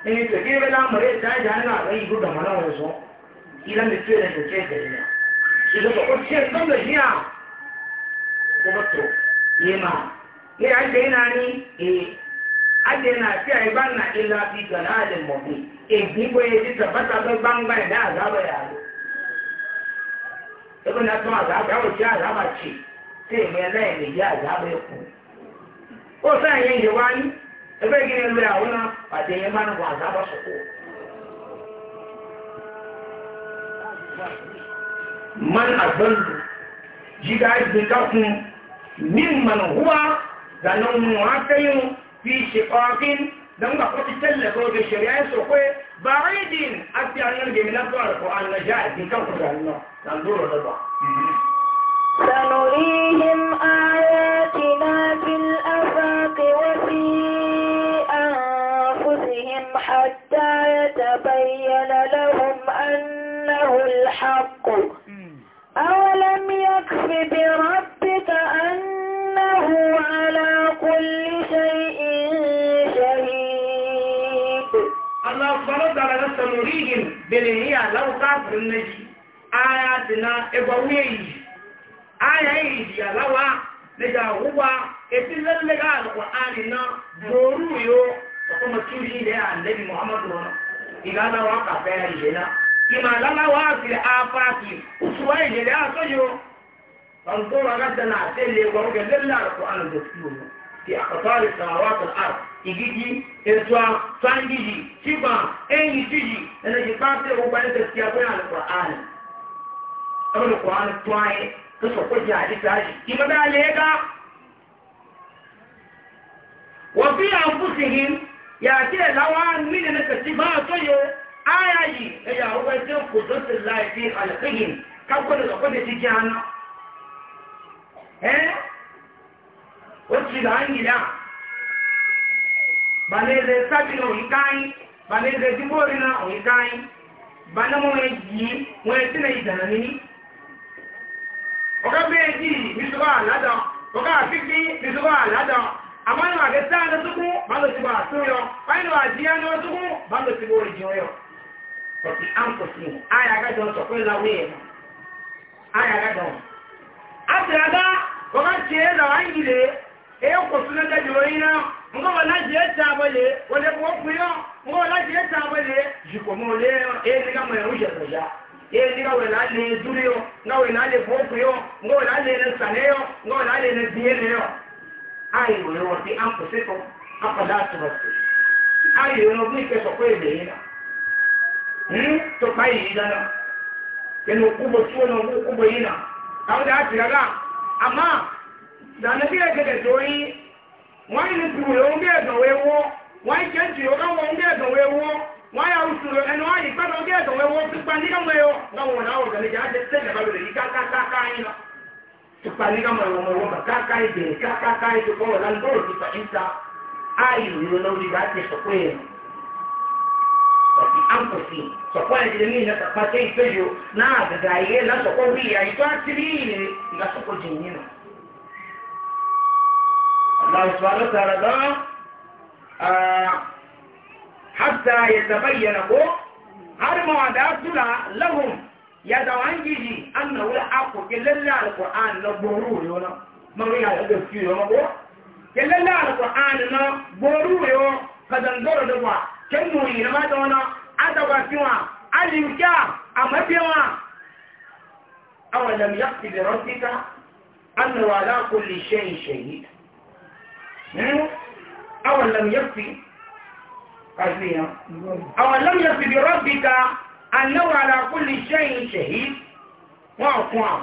ẹni tó kí ẹgbẹ́ láwọn mọ̀rẹ́ ìta ìjà nínú àwọn ìlú dàmọ́ náà wọ̀ sọ ilé mi ma na, gbangba ebe na atụm azaba ahụ ji aza chi te eme na eme ji azaba ekwu ofe anyị nyewe anyị ebe gị na-elu ya ahụ na pati ihe mmanụ bụ azaba sokwu man azọndu ji ga ajin kakun min man huwa zanen mu aka fi shi kọfin don ba kwafi tallafa da shari'a su kwe ba raidin a fi hanyar gami na zuwa da ƙwa'an na ja'a fi kan kusa na zoro da ba. sanurihim ayat ne ya lawo kafirin aya dina yi ya yi ji na ga wuwa eti lalle ga na yo da da ya annabi muhammadu rana lawa ka ima lalawa a sojo an zora da ètò àfáǹdì yìí tíba ẹ̀yìn tí yìí ẹ̀nà ìpá tẹ́ ọgbà ẹ̀sẹ̀ tí a fẹ́ àlùkò ààrẹ ọlùkò ààrẹ tó ayé tó sọ pé jẹ́ àdìsá yìí ìmọ̀dá lẹ́ẹ̀ká wọ́n fi àǹfùsì yìí yàtí ẹ̀ láwọn mílíọ̀nù nìkan tí máa tó yẹ áyà yìí ẹ̀yà ọgbà ẹ̀sẹ̀ kò tó ti láì fi àlùkò yìí káwọn ọ̀pọ̀ ti jẹ́ àná ẹ̀ baleze sabila oyikai baleze jimborina oyikai banamo weji wetina idananini oka beji misuba alada oka afiki misuba alada amani wage sana tuku balo tibo asuyo aini wajiano tuku balo tibo ojiyo kọ̀tí áǹkọ̀tí ayé a tẹ̀lé bá ọba tiẹ̀ lọ ayé ilé ne zuri ¿Mm? yo nga we na le boku yo nga na ne sane yo nga na le ne yo ayi wo yo an kose ko apa da su ba ayi yo no yi na hmm to pa yi na ke no tuwo kubo yi na ka da ati ga amma ama na bi ke ke oyi yi wani ne tuwo wo wọ́n yà usoro ẹnu wọ́n yìí gbọ́dọ̀ bí ẹ̀dọ̀ wẹ́wọ́ pípa nígbàmọ́ ẹ̀yọ́ lọ́wọ́ náà wọ̀ gẹ̀lẹ́jà á jẹ́ sẹ́yìn bá lòlẹ̀ yìí kákákáká yín lọ. pípa nígbàmọ́ ẹ̀wọ̀n ọmọ ọmọ káká ìdè kákáká ìdè anyị lálùbọ́rọ̀ pípa ìta ayò ìrò náà حتى يتبينه هرموا داسولا لهم يدعو أنجي أنه لا أقو كلا لا القرآن لا يونا ولا ما ريا يدفكي ولا بو كلا لا القرآن لا بروري فدن دور دوا كنوري لما دونا أدوا فيما أليوكا أما فيما أولم يقتب ربك أنه على كل شيء شهيد أولم يقتب kàfihàn àwọn lọ́yọ̀ sì bí rọ́bìkà anáwọ̀ alákùn lè ṣẹ́yìn ṣẹ̀yí wọ́n kún à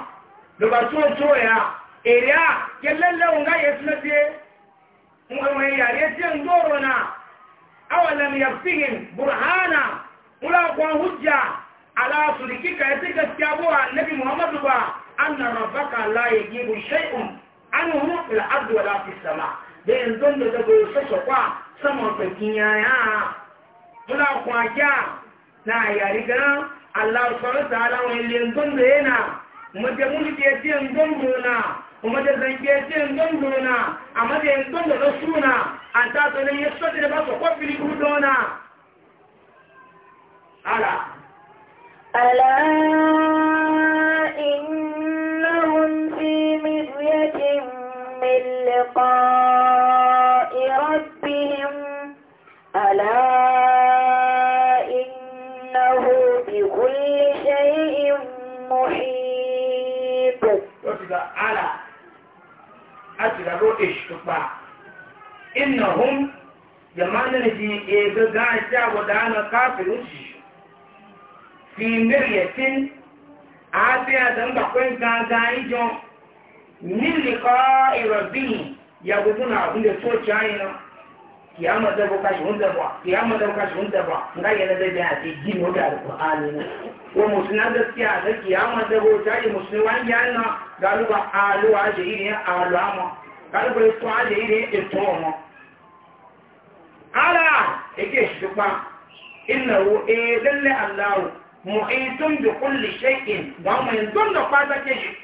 ló bá tó tó ẹ̀ à èrè à kí lẹ́lẹ́wọ̀n gáyẹ̀ sí lẹ́sẹ̀ wọ́n yà rẹ̀ sí ń dóòrò náà àwọn lẹ́mìyà fihìn burhana wọ́n kún hujja aláṣùrì kíkà ẹ̀ sí gaskiya bó à da yanzu da daga yasa shakwa saman sakin yaya muna kwaja na yari gana Allah subhanahu wa ta'ala wani yanzu da yana mada mun ke tiyan dondona mada zan ke tiyan dondona a mada yanzu da na suna an ta sanin ya sadi da ba su kwafili kudona ala ألا إنهم في مرية من لقاء asiraro ishtuba innahum jamanin ji ega gaja wadana kafirin shi fi miryatin abiya dan bakwai gaga ijo min liqa irabbi ya guduna abin da so china kiyama da boka shi hunda ba kiyama da boka shi hunda ba ngai yana da ya ce jin wadda alqur'ani wa musulman gaskiya da kiyama da bauta musulman yana galuba aluwa da iri aluwa galuba ya tuwa da iri ito mo ala yake shugaba inna ru e lalle allahu mu'itun bi kulli shay'in wa man dun ke shi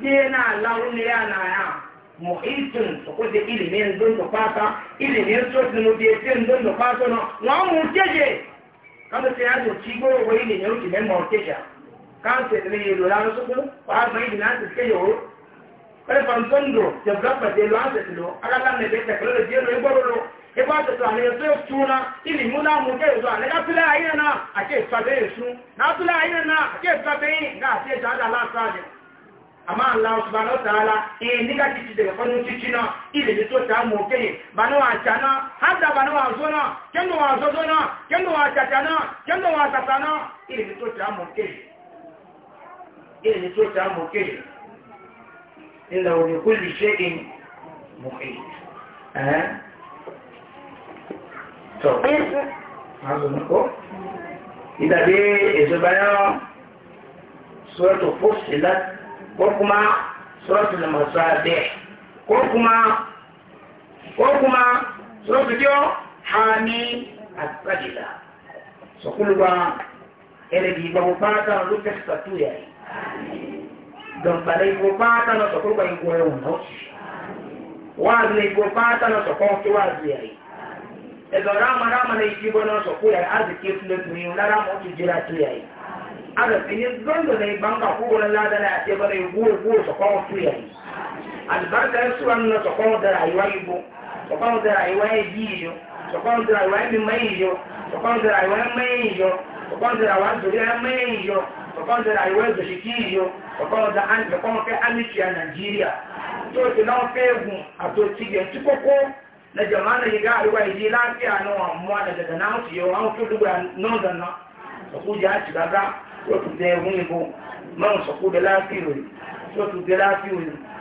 yana ya ilimin kọ́dọ̀ tí a lò tí gbówó wọ́n ilẹ̀ yẹn rúkì mẹ́mọ̀ kéjà káńtẹ̀ ní èlò lára sókún wàá gbọ́n ìdí láti kéyò ó pẹ́lú fàǹtọ́ndò jẹ̀bùrọ̀pẹ̀tẹ̀ èlò àṣẹ̀tì lọ agálàmẹ̀dẹ̀ tẹ̀kọ́lọ́dẹ̀ jẹ́ lọ ẹgbọ́rọ̀ lọ ẹgbọ́ àṣẹ̀tọ̀ àlẹ́yẹ tó túnra ilì múlá mú kéèzọ àlẹ́gá pílẹ̀ ayé náà àti ìfàbẹ́yẹ̀ sún náà pílẹ̀ ayé náà àti ìfàbẹ́yìn náà àti ìjọ amma Allah subhanahu wa ta'ala eh ni ka ci daga fannin cici na ilimi to ta mu ke ba na wa ta na har da ba na wa zo na ken wa zo zo na ken wa ta ta na ken wa ta ta na ilimi to ta mu ke ilimi to ta mu ke inna wa to ma ko kuma suratul masadih ko kuma ko kuma suratul jo hami as-sajda so kulwa ele bi ba bata lu kesta tu ya don pale ko bata no so kulwa ingo yo no wazi ko bata no so ko ki wazi ya ezo rama rama na ikibo no so kulwa azi kitu le tu rama o tu jira tu ya ada fiye zondo na ibanga kuwa lada na ake bane guwa guwa sokon tuya yi albarka ya suwa nuna sokon da rayuwa ibo sokon da rayuwa ya ji yo sokon da rayuwa ya mai yo sokon da rayuwa ya mai yo sokon da rayuwa zuri ya mai yo sokon da rayuwa ya zoshiki yo sokon da an sokon kai aminci a nigeria to ti na ofe egun ato tigbe ti koko na jama'a na yiga arewa iji lafiya na wa muwa daga na mutu yau an fi dubu a northern na sokun ji a shiga lọ́tù dẹ ẹ̀hún ìbò mọ́rùn sọ̀kú bẹ láàfíìrò lọ́tù dẹ láàfíìrò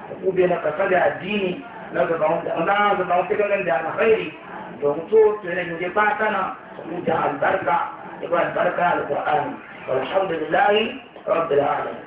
sọ̀kú bẹ na kàtà bẹ àdínì lọ́gbàbà wọn tẹ́lẹ̀ lẹ́ndẹ̀ àlàfẹ́rì dọ̀hún tó tẹ̀lẹ̀ ìjọba pátá náà sọ̀kú jẹ àlùbáríkà ìbá àlùbáríkà àlùkò àrùn alhamdulilayi rọ̀bìlà àrùn.